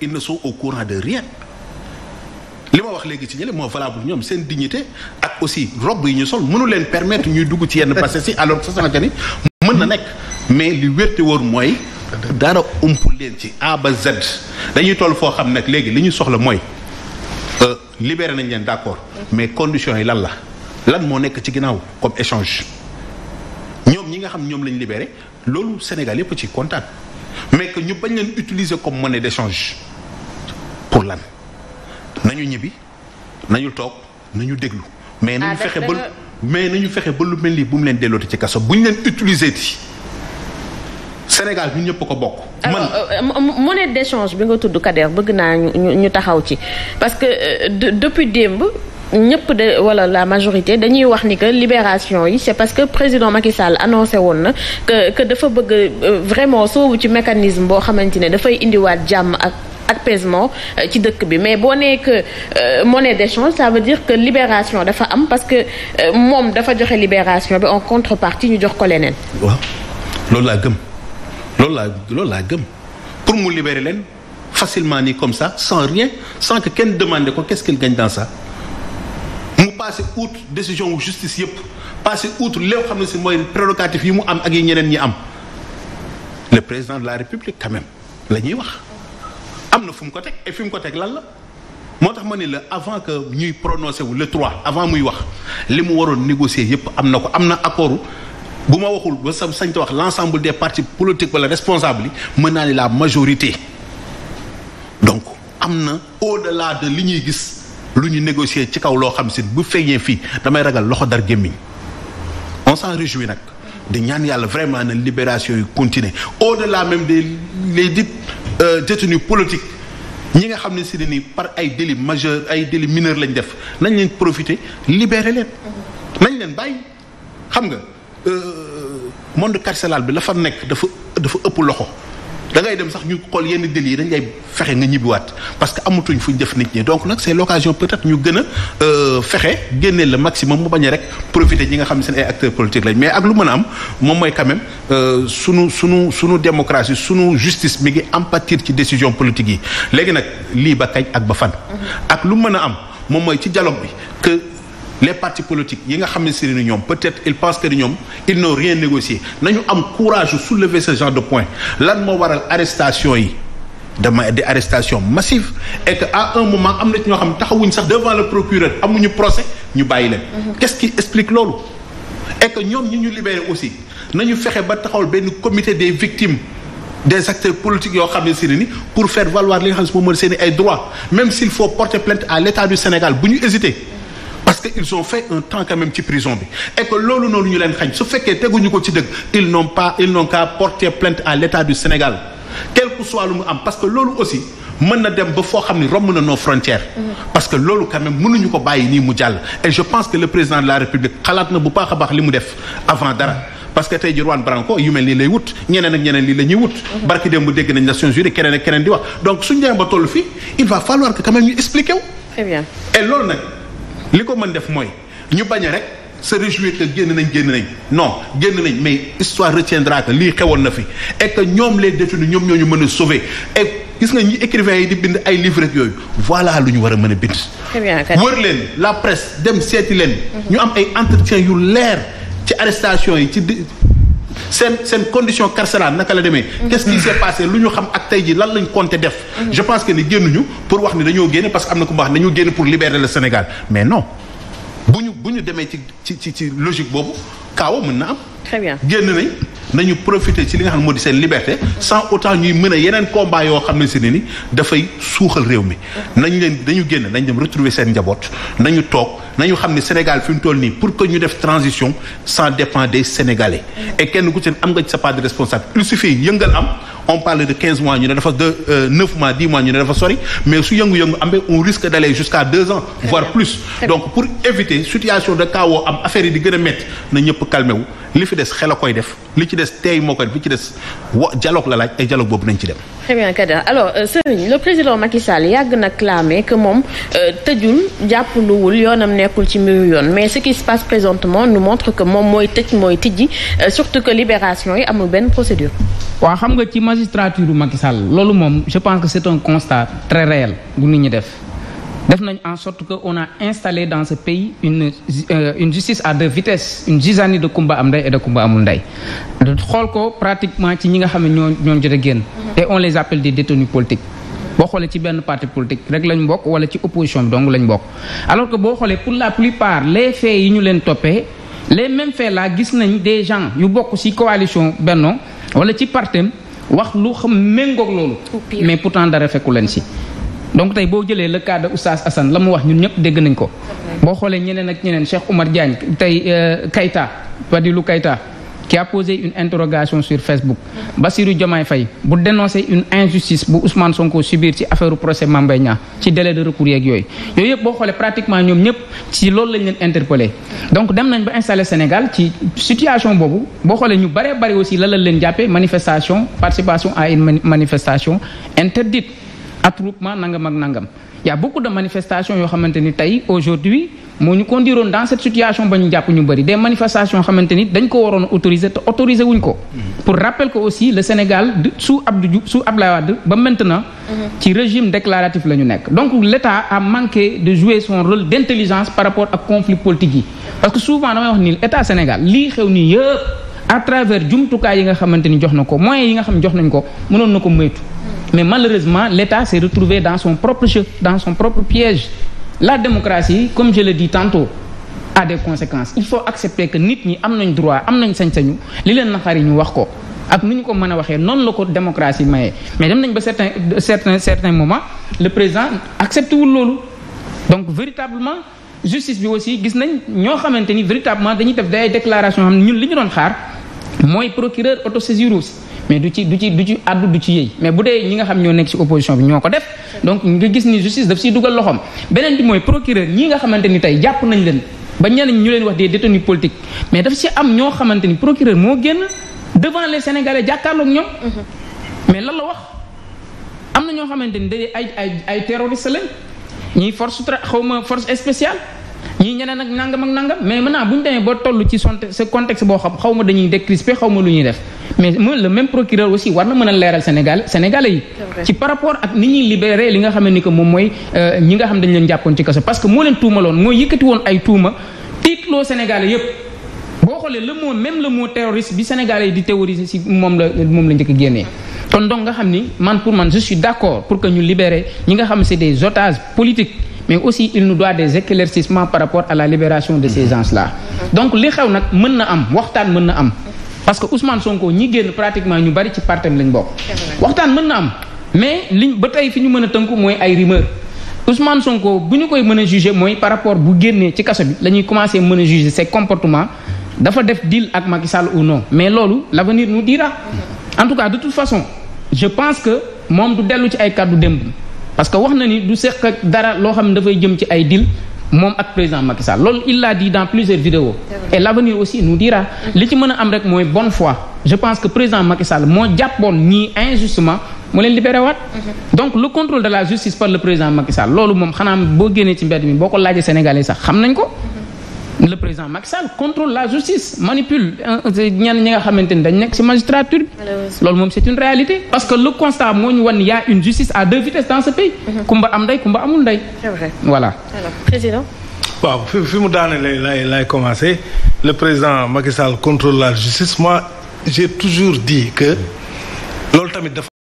ils ne sont au courant de rien li ma wax léegi ci ñële moo valable ñoom seen dignité ak aussi robe yi ñu sol mënu leen permettre ñuy dugg ci yenn passé si alors que sasante ni mën na nekk mais li wérte wóor mooy dara ump leen ci A ba Z dañuy toll foo xam nag léegi li ñu soxla mooy euh, libéré nañ leen d'accord mais conditions yi lan la lan moo nekk ci ginnaaw comme échange ñoom ñi nga xam ñoom lañ libéré loolu Sénégal yëpp ci kontaan mais que ñu bañ leen utiliser comme monnaie d'échange pour lan nañu ñibbi nañu toog nañu déglu. mais nañu ah, fexe ba mais nañu fexe ba lu mel nii bu mu leen dellooti ci kaso bu ñu leen utiliser ti Sénégal ñun ñëpp ko bokk. Ah, man euh, euh, monnaie d'échange bi nga tudd Kader bëgg naa ñu ñu taxaw ci parce que euh, depuis démb. ñëpp de wala la majorité dañuy wax ni que libération yi c'est parce que président Macky Sall woon na que dafa bëgg vraiment soobu ci mécanisme boo xamante dafay indiwaat jàmm ak apaisement euh, ci dëkk bi mais boo nee que de euh, d'échange ça veut dire que libération dafa am parce que euh, moom dafa joxe libération bi en contrepartie ñu jox ko leneen. loolu laa gëm loolu laa loolu laa gëm pour mu libérer leen facilement nii comme ça sans rien sans que kenn demande ko qu'est-ce qu'il gagne dans ça. mu passé outre décision wu justice yëpp passé outre léew xam ne si mooy prérogative yi mu am ak yi ñeneen ñi am le président de la république quand la ñuy wax. am na fu ko teg et fi ko teg lan la moo tax ma ni la avant que ñuy prononcé wu le 3 avant muy wax li mu waroon négocier yépp am na ko am na accord bu ma waxul ba sa sañ te wax l' ensemble des partis politiques wala responsables mën naa ni la majorité donc am na au delà de li ñuy gis lu ñu négocier ci kaw loo xam si bu feeñee fii damay ragal loxo dar gémmiñ on s'en réjouit nag di ñaan yàlla vraiment na libération yi continuer au delà même des Euh, détenus politiques ñi nga xam ne si ne nii par ay délits majeurs ay délits mineurs lañ def nañ leen profiter libérer leen. Mm-hmm. nañ leen bàyyi xam nga euh, monde carcéral bi la fa nekk dafa dafa ëpp loxo. da dem sax ñu xool yenn délits yi dañ lay fexe nga ñibbiwaat parce que amatuñ fu def nit ñi donc nag c'est l'occasion peut-être ñu gën euh, fexe génneel la maximum mu bañ a rek profiter ñi nga xam ne seen ay acteurs politiques lañ mais ak lu mën a am moom mooy quand même euh, sunu sunu sunu démocratie sunu justice mi ngi am empatir ci décision politique yi léegi nag lii ba kañ ak ba fan. Mm-hmm. ak lu mën a am moom mooy ci dialogue bi les partis politiques yi nga xam ne si ñoom peut-être ils pensent que ñoom ils n'ont rien négocié nañu am courage de soulever ce genre de point lan moo waral arrestation yi dama des arrestations massives et que à un moment am na ci ñoo xam ne taxawuñ sax devant le procureur amuñu procès ñu bàyyi leen. Mhm. qu'est-ce qui explique loolu. et que ñoom ñi ñu libéré aussi nañu fexe ba taxawal benn comité des victimes des acteurs politiques yoo xam ne si ni pour faire valoir li nga xam ne moom mooy seen i ay droits même à l'État du Sénégal bu ñu hésiter. que ils ont fait un temps quand même ci prison bi et que loolu noonu ñu leen xañ su fekkee teguñu ko ci dëgg ils n'ont pas ils n'ont qu'à porter plainte à l'État du Sénégal quel soit lu mu am parce que loolu aussi mën na dem ba foo xam ni romb na nos frontières. Mhm. parce que loolu quand même mënuñu ko bàyyi nii mu jàll. et je pense que le président de la République xalaat na bu baax a baax li mu def avant dara. parce que tey jii Juan Branco yu mel lay wut ñeneen ak ñeneen lii la ñuy wut. Mhm. barki démb dégg nañ keneen di wax donc suñu demee ba toll fii il va li ko mën def mooy ñu bañ rek se réjouir que génn nañ génn nañ non génn nañ mais histoire retiendra que lii xewoon na fi et que ñoom les détenus ñoom ñoo ñu mën a sauver et gis nga ñi écrivains yi di bind ay livres yooyu voilà lu ñu war a mën a bind. wër leen la presse dem seeti leen. Mhm. ñu am ay entretiens yu leer ci arrestation yi ci. seen seen condition carcérale naka la demee mhm. qu'est-ce qui s'est lu ñu xam ak tey ji lan lañ compté def mhm. je pense que ni génnuñu pour wax ni dañoo génn parce que am na ku ma wax dañoo génn pour libérer le Sénégal mais non bu ñu bu ñu demee ci ci ci ci logique boobu kaawa mën na am très génn nañ nañu profiter ci li nga xam ne moo di seen liberté sans autant ñuy mën a yeneen combat yoo xam ne si ne ni dafay suuxal réew mi nañ leen dañu génn nañ dem retrouver seen njaboot nañu toog nañu xam ne Sénégal fi mu toll nii pour que ñu def transition sans dépend des Sénégalais et kenn ku ci am nga ci sa part de responsable il suffit yëngal am on parle de quinze mois ñu ne dafa de euh, neuf mois dix mois ñu ne dafa sori mais su yëngu-yëngu amee on risque d'aller jusqu'à deux ans voire situation de chaos am affaire yi di a métti na ñëpp calmé wu li fi des xel a koy def li ci des teey moo koy def li ci des wa dialogue la laaj ay dialogue boobu nañ ci dem. très bien Kader alors euh, Serigne le président Macky Sall yàgg na clamé que moom euh, tëjul jàppaluwul yoonam nekkul ci mbiru yoon mais ce qui se passe présentement nous montre que moom mooy tëj mooy tijji euh, surtout que libération yi amul benn procédure. waaw xam nga ci magistrature Macky Sall loolu moom je pense que c'est un constat très réel bu ñu def. def nañ en sorte que on a installé dans ce pays une euh, justice à de vitesses une zizanie de Kumba am ndey et de Kumba amul ndey xool ko pratiquement ci ñi nga xam ne ñoo ñoo jot a génn mhm. et on les appelle des détenus politiques boo xoolee ci benn parti politique rek lañ bokk wala ci opposition bi donc lañ bokk alors que boo xoolee pour la plupart les faits yi ñu leen toppee le mêmes faits là gis nañ des gens yu bokk ci coalition bennoo wala ci partem wax lu xam méngoog loolu mais pourtant dara fekku leen si donc tey boo jëlee le cas de Oustaz la mu wax ñun ñëpp dégg nañ ko boo xoolee ñeneen ak ñeneen Cheikh Oumar Diagne tey euh, Kayta Fadilou Kayta qui a posé une interrogation sur Facebook Bassirou Diomaye fay bu dénoncer une injustice bu Ousmane Sonko subir ci affaire procès Mame Mbaye Niang ci délai de recours yooyu yooyu yëpp boo xoolee pratiquement ñoom ñëpp ci loolu lañ leen interpellé donc dem nañ ba installé Sénégal ci situation boobu boo xoolee ñu bëree bëri aussi la lañ leen jàppee manifestation participation à une attroupement nangam ak nangam y' a beaucoup de manifestations yoo xamante ni tey aujourd'hui moo ñu conduiroon dans cette situation ba ñu jàpp ñu bëri des manifestations xamante dañ ko waroon autoriser te autoriser wuñ ko. Mm-hmm. pour rappel que aussi le Sénégal sous Abdou Diouf sous Abdoulaye Wade ba maintenant. Mm-hmm. ci régime déclaratif la ñu nekk. donc l'État a manqué de jouer son rôle d'intelligence par rapport ak conflit politique yi parce que souvent damay wax nii yëpp à yi nga xamante ni jox na ko moyens yi nga xam jox na ko Mais malheureusement, l'État s'est retrouvé dans son propre jeu, dans son propre piège. La démocratie, comme je le dis tantôt, a des conséquence Il faut accepter que nit ñi am nañ droit am nañ sañ-sañu li leen na naqari ñu wax ko ak nu ñu ko mën a waxee noonu la ko démocratie mayee mais dem nañ ba certain certain certain moment le président accepté wul loolu donc véritablement justice bi aussi gis nañ ñoo xamante ni véritablement dañuy def day déclaration xam li ñu doon xaar mooy procureur autosaisir aussi mais du ci du ci du ci àddu du ci yëy mais bu dee ñi nga xam ñoo nekk ci opposition bi ñoo ko def donc nga gis ni justice daf siy dugal loxoom beneen bi mooy procureur ñi nga xamante ni jàpp nañ leen ba ñeneen ñu leen wax des détenus politiques mais dafa si am ñoo xamante ni procureur moo génn devant les sénégalais jàkkaarloog ñoom mm-hmm. mais lan la wax am na ñoo xamante ni day ay ay ay terroriste lañ force tra xaw ma force spéciale ñii ñeneen ak nangam ak nangam mais maintenant bu ñu demee ba toll ci son ce boo xam xaw ma dañuy décrisper xaw ma lu ñuy mais le même procureur aussi war na mën a leeral Sénégal sénégalais yi. ci par rapport ak ni ñuy libéré li nga xam ne que moom mooy euh, ñi nga xam dañ leen jàppoon ci kaso parce que moo leen tuumaloon moo yëkkati woon ay tuuma tiitloo sénégalais yëpp. boo xoolee le mot même le mot terroriste bi sénégalais yi di théoriser ci moom la moom la njëkk a génnee kon donc nga xam ni man pour man je suis d'accord pour que ñu libérer ñi nga xam c'est des otages politiques mais aussi il nous doit des éclaircissements par rapport à la libération de ces gens-là mm-hmm. donc na am parce que Ousmane Sonko ñi génn pratiquement ñu bari ci partem lañ bokk. waxtaan mën na am mais liñ ba tey fi ñu mën a tënku mooy ay rumeur Ousmane Sonko bu ñu koy mën a juger mooy par rapport bu génnee ci kaso bi lañuy ñuy commencer mën a juger ses comportements dafa def deal ak Macky Sall ou no mais loolu la venir nous dira. en tout cas de toute façon je pense que moom du dellu ci ay kàddu démb parce que wax na ni du seq ak dara loo xam ne dafay jëm ci ay deal. moom ak président Macky lool loolu il l'a dit dans plusieurs vidéos et l'avenir aussi nous dira mm-hmm. li ci mën a am rek mooy bonne foi je pense que président Macky moo jàppoon ñii injustement mu leen libéré waat mm-hmm. donc le contrôle de la justice par le président Macky Sall loolu moom xanaa boo génnee ci mbedd mi boo ko laajee sénégalais sax xam nañ ko le président Macky Sall contrôle la justice manipule euh, ñenn ñi nga xamante ni dañ nekk ci magistrature bi. loolu moom c'est une réalité. parce que le constat moo ñu wan y a une justice à deux vitesses dans ce pays. Mhm. kumba am ndey kumba amul ndey. c'est vrai voilà. alors président. waaw fi mu daane lay lay lay commencer le président Macky Sall contrôle la justice moi j'ai toujours dit que loolu tamit dafa.